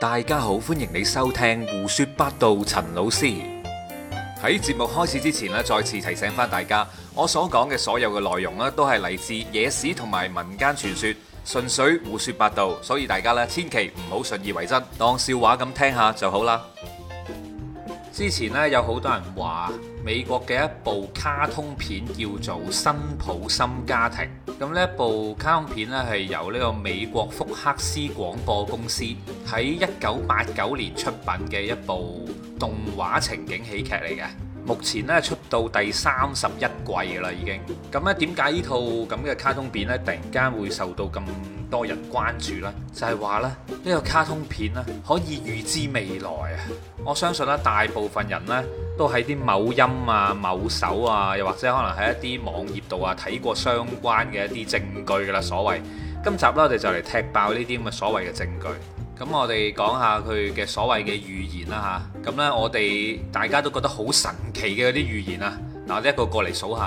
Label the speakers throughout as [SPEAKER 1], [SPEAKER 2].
[SPEAKER 1] 大家好，歡迎你收聽胡說八道。陳老師喺節目開始之前咧，再次提醒翻大家，我所講嘅所有嘅內容咧，都係嚟自野史同埋民間傳說，純粹胡說八道，所以大家咧千祈唔好信以為真，當笑話咁聽下就好啦。之前咧有好多人話。美國嘅一部卡通片叫做《辛普森家庭》，咁呢一部卡通片咧係由呢個美國福克斯廣播公司喺一九八九年出品嘅一部動畫情景喜劇嚟嘅。目前呢，出到第三十一季嘅啦，已經。咁呢，點解呢套咁嘅卡通片咧，突然間會受到咁多人關注呢？就係話呢，呢、呢個卡通片咧可以預知未來啊！我相信咧，大部分人咧都喺啲某音啊、某手啊，又或者可能喺一啲網頁度啊睇過相關嘅一啲證據噶啦。所謂今集咧，我哋就嚟踢爆呢啲咁嘅所謂嘅證據。咁我哋講下佢嘅所謂嘅預言啦吓，咁呢，我哋大家都覺得好神奇嘅嗰啲預言啊。嗱，我哋一個過嚟數下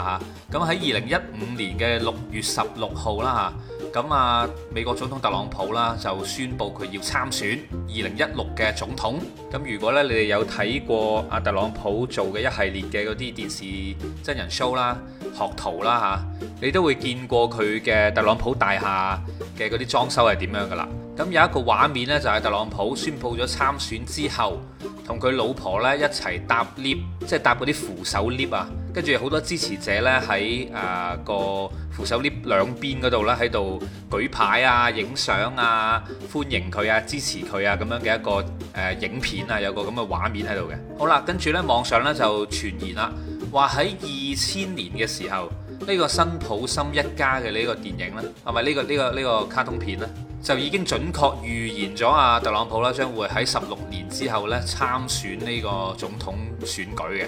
[SPEAKER 1] 吓，咁喺二零一五年嘅六月十六號啦吓。咁啊，美國總統特朗普啦就宣布佢要參選二零一六嘅總統。咁如果呢，你哋有睇過阿特朗普做嘅一系列嘅嗰啲電視真人 show 啦、學徒啦吓，你都會見過佢嘅特朗普大廈嘅嗰啲裝修係點樣㗎喇。咁有一個畫面呢，就係特朗普宣布咗參選之後，同佢老婆呢一齊搭 lift，即係搭嗰啲扶手 lift 啊。跟住好多支持者咧喺誒個扶手 lift 兩邊嗰度咧喺度舉牌啊、影相啊、歡迎佢啊、支持佢啊咁樣嘅一個誒、呃、影片啊，有個咁嘅畫面喺度嘅。好啦，跟住呢，網上呢就傳言啦，話喺二千年嘅時候，呢、呢個辛普森一家嘅呢個電影呢，係咪呢個呢、呢個呢、呢個卡通片呢，就已經準確預言咗啊特朗普啦將會喺十六年之後呢參選呢個總統選舉嘅。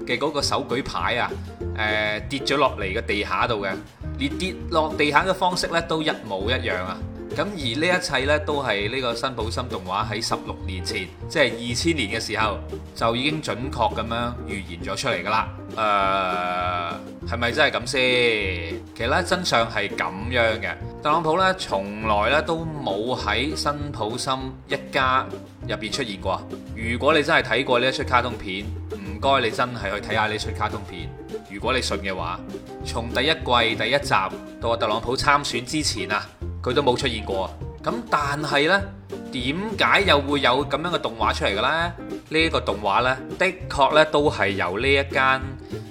[SPEAKER 1] 嘅嗰個手舉牌啊，誒、呃、跌咗落嚟嘅地下度嘅，連跌落地下嘅方式咧都一模一樣啊。咁而呢一切咧都係呢個辛普森動畫喺十六年前，即係二千年嘅時候，就已經準確咁樣預言咗出嚟噶啦。誒係咪真係咁先？其實咧真相係咁樣嘅，特朗普咧從來咧都冇喺辛普森一家入邊出現過。如果你真係睇過呢一出卡通片。應該你真係去睇下呢出卡通片，如果你信嘅話，從第一季第一集到特朗普參選之前啊，佢都冇出現過。咁但係呢，點解又會有咁樣嘅動畫出嚟嘅咧？呢、這、一個動畫呢，的確咧都係由呢一間誒、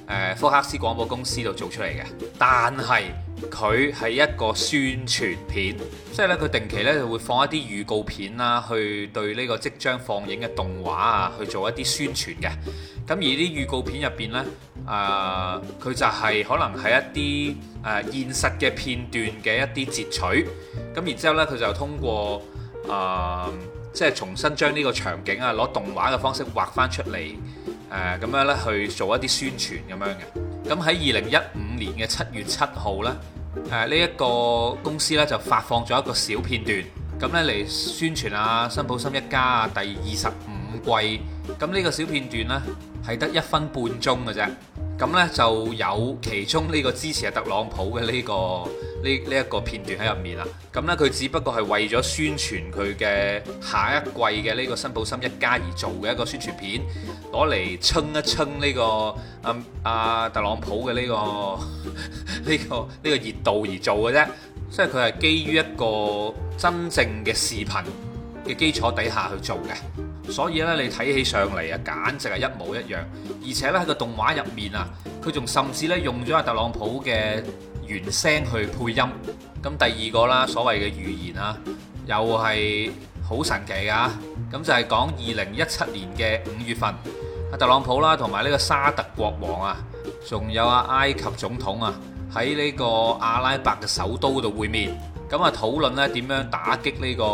[SPEAKER 1] 呃、福克斯廣播公司度做出嚟嘅，但係。佢係一個宣傳片，即係呢，佢定期呢就會放一啲預告片啦，去對呢個即將放映嘅動畫啊去做一啲宣傳嘅。咁而啲預告片入邊呢，誒、呃、佢就係可能係一啲誒、呃、現實嘅片段嘅一啲截取，咁然之後呢，佢就通過誒、呃、即係重新將呢個場景啊攞動畫嘅方式畫翻出嚟，誒、呃、咁樣呢去做一啲宣傳咁樣嘅。咁喺二零一五年嘅七月七號呢，誒呢一個公司呢，就發放咗一個小片段，咁呢嚟宣傳啊《辛普森一家》啊第二十五季，咁、這、呢個小片段呢，係得一分半鐘嘅啫，咁呢，就有其中呢個支持特朗普嘅呢、這個。呢呢一個片段喺入面啊，咁呢，佢只不過係為咗宣傳佢嘅下一季嘅呢個《辛普森一家》而做嘅一個宣傳片，攞嚟撐一撐呢、這個、嗯、啊啊特朗普嘅呢、這個呢、這個呢、這個熱度而做嘅啫，即係佢係基於一個真正嘅視頻嘅基礎底下去做嘅，所以呢，你睇起上嚟啊，簡直係一模一樣，而且呢，喺個動畫入面啊，佢仲甚至呢，用咗阿特朗普嘅。原聲去配音，咁第二個啦，所謂嘅預言啊，又係好神奇㗎。咁就係講二零一七年嘅五月份，阿特朗普啦，同埋呢個沙特國王啊，仲有阿埃及總統啊，喺呢個阿拉伯嘅首都嗰度會面，咁啊討論咧點樣打擊呢個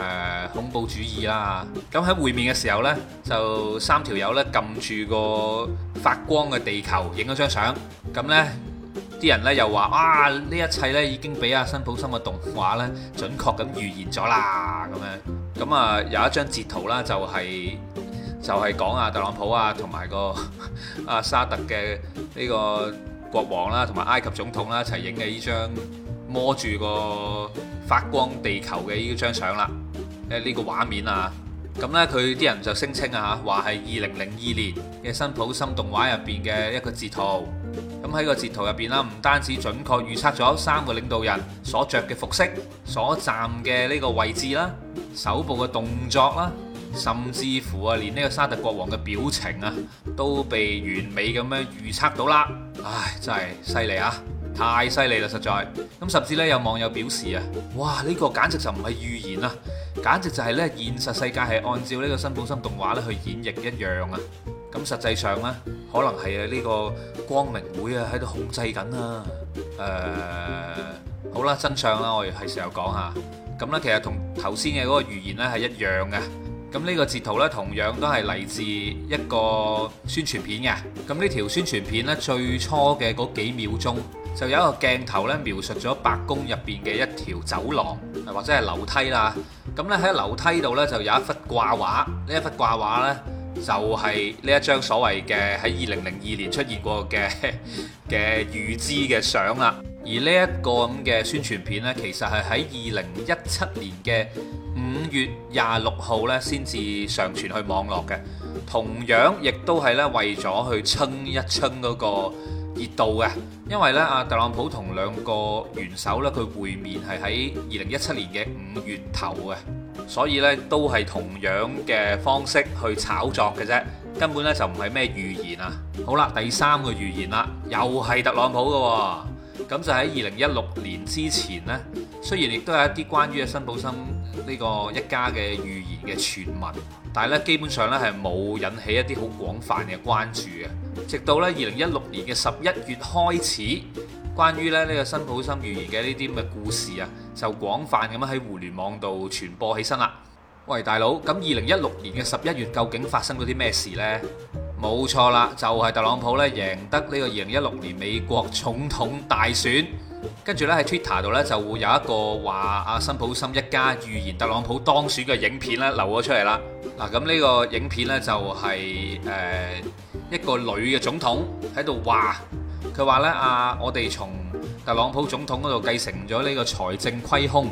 [SPEAKER 1] 誒恐怖主義啦。咁喺會面嘅時候咧，就三條友咧撳住個發光嘅地球，影咗張相，咁咧。啲人咧又話，啊，呢一切咧已經俾阿辛普森嘅動畫咧準確咁預言咗啦，咁樣咁啊有一張截圖啦，就係、是、就係講阿特朗普啊同埋個阿、啊、沙特嘅呢個國王啦、啊，同埋埃及總統啦、啊、一齊影嘅呢張摸住個發光地球嘅呢張相啦，誒、這、呢個畫面啊！咁呢，佢啲人就聲稱啊，話係二零零二年嘅辛普森動畫入邊嘅一個截圖。咁喺個截圖入邊啦，唔單止準確預測咗三個領導人所着嘅服飾、所站嘅呢個位置啦、啊、手部嘅動作啦、啊，甚至乎啊，連呢個沙特國王嘅表情啊，都被完美咁樣預測到啦。唉，真係犀利啊，太犀利啦，實在。咁甚至呢，有網友表示啊，哇，呢個簡直就唔係預言啦、啊。簡直就係咧，現實世界係按照呢個辛普森動畫咧去演繹一樣啊。咁實際上咧，可能係呢個光明會啊喺度控制緊啊。誒，好啦，真相啦，我哋係時候講下咁咧。其實同頭先嘅嗰個預言咧係一樣嘅。咁呢個截圖咧，同樣都係嚟自一個宣傳片嘅。咁呢條宣傳片咧，最初嘅嗰幾秒鐘就有一個鏡頭咧描述咗白宮入邊嘅一條走廊或者係樓梯啦。咁咧喺樓梯度呢，就有一幅掛畫，呢一幅掛畫呢，就係呢一張所謂嘅喺二零零二年出現過嘅嘅預知嘅相啦。而呢一個咁嘅宣傳片呢，其實係喺二零一七年嘅五月廿六號呢先至上傳去網絡嘅，同樣亦都係呢，為咗去稱一稱嗰個。熱度嘅，因為咧啊，特朗普同兩個元首咧，佢會面係喺二零一七年嘅五月頭啊，所以咧都係同樣嘅方式去炒作嘅啫，根本咧就唔係咩預言啊。好啦，第三個預言啦，又係特朗普嘅喎，咁就喺二零一六年之前咧，雖然亦都有一啲關於嘅辛普森。呢個一家嘅預言嘅傳聞，但係咧基本上咧係冇引起一啲好廣泛嘅關注嘅。直到咧二零一六年嘅十一月開始，關於咧呢個辛普森預言嘅呢啲咁嘅故事啊，就廣泛咁樣喺互聯網度傳播起身啦。喂，大佬，咁二零一六年嘅十一月究竟發生咗啲咩事呢？冇錯啦，就係、是、特朗普咧贏得呢個二零一六年美國總統大選，跟住咧喺 Twitter 度咧就會有一個話阿辛普森一家預言特朗普當選嘅影片咧流咗出嚟啦。嗱，咁呢個影片呢、就是，就係誒一個女嘅總統喺度話，佢話呢，啊，我哋從特朗普總統嗰度繼承咗呢個財政虧空，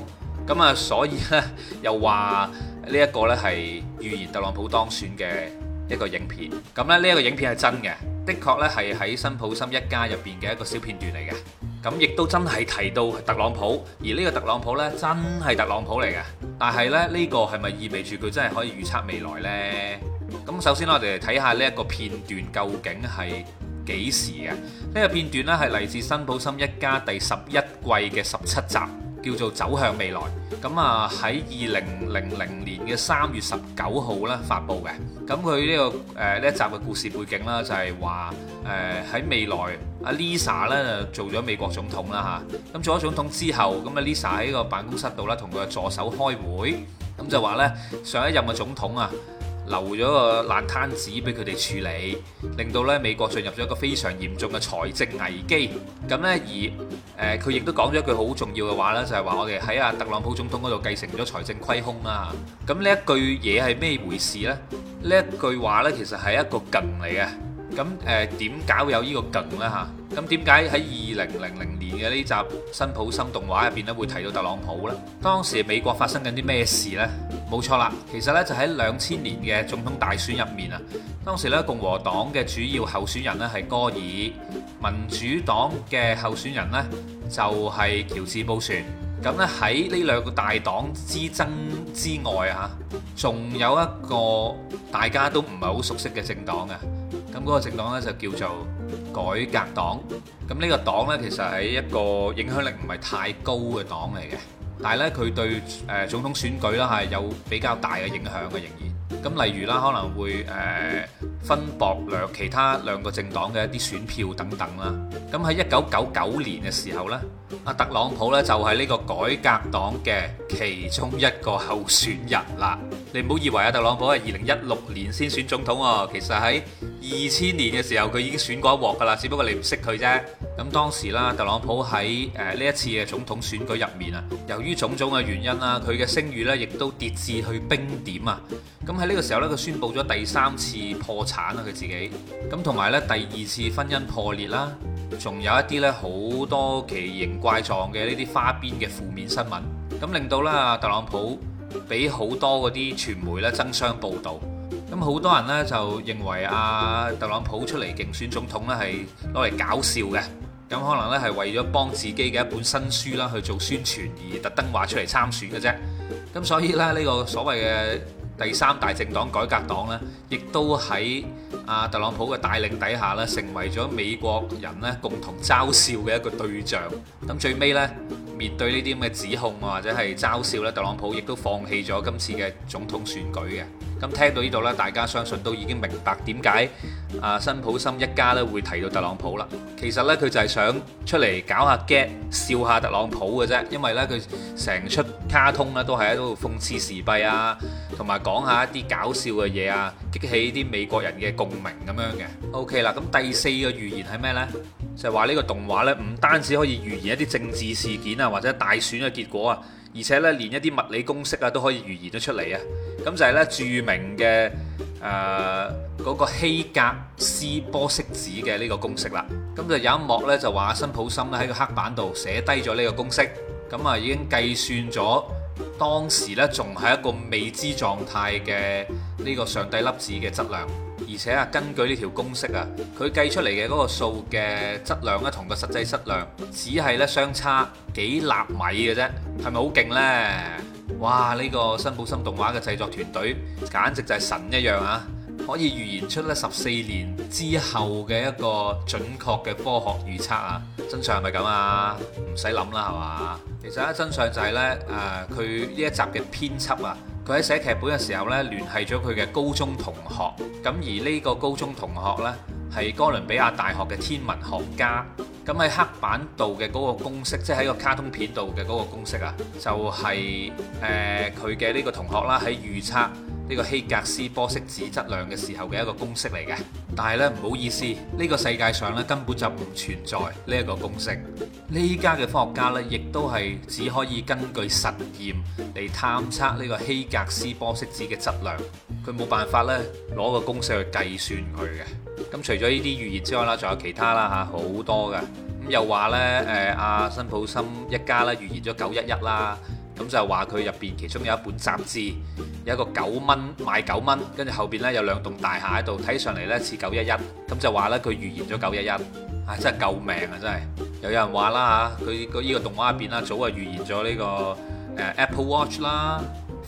[SPEAKER 1] 咁啊所以呢又話呢一個呢係預言特朗普當選嘅。一個影片咁咧，呢、這、一個影片係真嘅，的確呢，係喺辛普森一家入邊嘅一個小片段嚟嘅。咁亦都真係提到特朗普，而呢個特朗普呢，真係特朗普嚟嘅。但係呢，呢個係咪意味住佢真係可以預測未來呢？咁首先我哋嚟睇下呢一個片段究竟係幾時嘅？呢、這個片段呢，係嚟自辛普森一家第十一季嘅十七集。叫做走向未來，咁啊喺二零零零年嘅三月十九號咧，發布嘅，咁佢呢個誒呢一集嘅故事背景啦，就係話，誒喺未來阿 Lisa 咧做咗美國總統啦吓，咁做咗總統之後，咁啊 Lisa 喺個辦公室度啦同佢助手開會，咁就話呢，上一任嘅總統啊。留咗個爛攤子俾佢哋處理，令到呢美國進入咗一個非常嚴重嘅財政危機。咁呢，而誒，佢、呃、亦都講咗一句好重要嘅話咧，就係、是、話我哋喺阿特朗普總統嗰度繼承咗財政虧空啦、啊。咁、嗯、呢一句嘢係咩回事呢？呢一句話呢，其實係一個梗嚟嘅。咁誒點解會有呢個梗咧？嚇咁點解喺二零零零年嘅呢集《辛普森動畫》入邊咧會提到特朗普咧？當時美國發生緊啲咩事咧？冇錯啦，其實咧就喺兩千年嘅總統大選入面啊。當時咧共和黨嘅主要候選人咧係戈爾，民主黨嘅候選人咧就係喬治布殊。咁咧喺呢兩個大黨之爭之外啊，仲有一個大家都唔係好熟悉嘅政黨嘅。咁嗰個政黨咧就叫做改革黨。咁呢個黨咧其實係一個影響力唔係太高嘅黨嚟嘅，但係咧佢對誒總統選舉啦係有比較大嘅影響嘅。仍然咁，例如啦可能會誒分薄兩其他兩個政黨嘅一啲選票等等啦。咁喺一九九九年嘅時候咧，阿特朗普咧就係呢個改革黨嘅其中一個候選人啦。你唔好以為阿特朗普係二零一六年先選總統喎，其實喺～二千年嘅時候，佢已經選過一鑊㗎啦，只不過你唔識佢啫。咁當時啦，特朗普喺誒呢一次嘅總統選舉入面啊，由於種種嘅原因啦，佢嘅聲譽呢亦都跌至去冰點啊。咁喺呢個時候呢，佢宣布咗第三次破產啊，佢自己咁同埋呢第二次婚姻破裂啦，仲有一啲呢好多奇形怪狀嘅呢啲花邊嘅負面新聞，咁令到啦特朗普俾好多嗰啲傳媒呢爭相報導。咁好多人呢，就認為啊，特朗普出嚟競選總統咧係攞嚟搞笑嘅，咁可能呢，係為咗幫自己嘅一本新書啦去做宣傳而特登話出嚟參選嘅啫。咁所以咧，呢個所謂嘅第三大政黨改革黨呢，亦都喺阿特朗普嘅帶領底下咧，成為咗美國人咧共同嘲笑嘅一個對象。咁最尾咧，面對呢啲咁嘅指控啊或者係嘲笑咧，特朗普亦都放棄咗今次嘅總統選舉嘅。咁聽到呢度咧，大家相信都已經明白點解阿辛普森一家咧會提到特朗普啦。其實咧佢就係想出嚟搞下 gag 笑下特朗普嘅啫，因為咧佢成出卡通咧都係喺度諷刺時弊啊，同埋講下一啲搞笑嘅嘢啊，激起啲美國人嘅共。明咁樣嘅，OK 啦。咁第四個預言係咩呢？就係話呢個動畫呢，唔單止可以預言一啲政治事件啊，或者大選嘅結果啊，而且呢，連一啲物理公式啊都可以預言咗出嚟啊。咁就係呢著名嘅誒嗰個希格斯玻色子嘅呢個公式啦。咁就有一幕呢，就話辛普森喺個黑板度寫低咗呢個公式，咁啊已經計算咗當時呢仲係一個未知狀態嘅呢個上帝粒子嘅質量。而且啊，根據呢條公式啊，佢計出嚟嘅嗰個數嘅質量咧，同個實際質量只係咧相差幾納米嘅啫，係咪好勁呢？哇！呢、這個辛普森動畫嘅製作團隊簡直就係神一樣啊，可以預言出咧十四年之後嘅一個準確嘅科學預測啊！真相係咪咁啊？唔使諗啦，係嘛？其實咧，真相就係、是、呢，誒、呃，佢呢一集嘅編輯啊。佢喺寫劇本嘅時候，呢聯繫咗佢嘅高中同學。咁而呢個高中同學，呢係哥倫比亞大學嘅天文學家。咁喺黑板度嘅嗰個公式，即係喺個卡通片度嘅嗰個公式啊，就係誒佢嘅呢個同學啦，喺預測呢個希格斯玻色子質量嘅時候嘅一個公式嚟嘅，但係呢，唔好意思，呢、這個世界上咧根本就唔存在呢一個公式。呢家嘅科學家呢，亦都係只可以根據實驗嚟探測呢個希格斯玻色子嘅質量，佢冇辦法呢，攞個公式去計算佢嘅。咁、嗯、除咗呢啲預言之外啦，仲有其他啦嚇，好多嘅。咁、嗯、又話呢，誒、呃，阿辛普森一家啦預言咗九一一啦。咁就話佢入邊其中有一本雜誌，有一個九蚊買九蚊，跟住後邊呢，有兩棟大廈喺度，睇上嚟呢似九一一，咁就話呢佢預言咗九一一，啊真係救命啊真係！又有人話啦嚇，佢個依個動畫入邊啦，早就預言咗呢、呢個、啊、Apple Watch 啦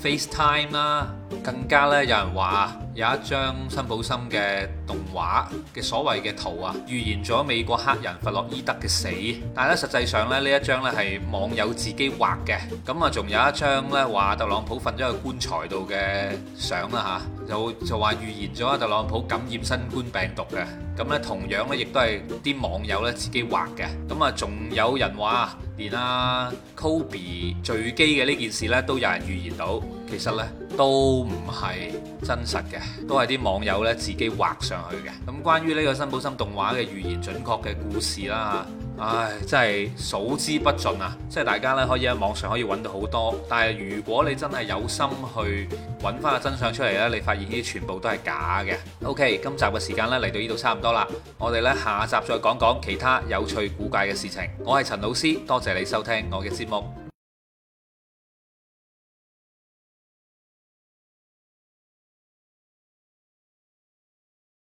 [SPEAKER 1] ，FaceTime 啦、啊。更加咧，有人話有一張辛普森嘅動畫嘅所謂嘅圖啊，預言咗美國黑人弗洛伊德嘅死。但係咧，實際上咧呢一張咧係網友自己畫嘅。咁啊，仲有一張咧話特朗普瞓咗喺棺材度嘅相啊，嚇，就就話預言咗特朗普感染新冠病毒嘅。咁咧同樣咧，亦都係啲網友咧自己畫嘅。咁啊，仲有人話連啊 Kobe 墜機嘅呢件事咧都有人預言到。其實呢。都唔係真實嘅，都係啲網友呢自己畫上去嘅。咁關於呢個辛普森動畫嘅預言準確嘅故事啦，唉，真係數之不盡啊！即係大家呢，可以喺網上可以揾到好多，但係如果你真係有心去揾翻個真相出嚟呢，你發現呢啲全部都係假嘅。OK，今集嘅時間呢，嚟到呢度差唔多啦，我哋呢，下集再講講其他有趣古怪嘅事情。我係陳老師，多謝你收聽我嘅節目。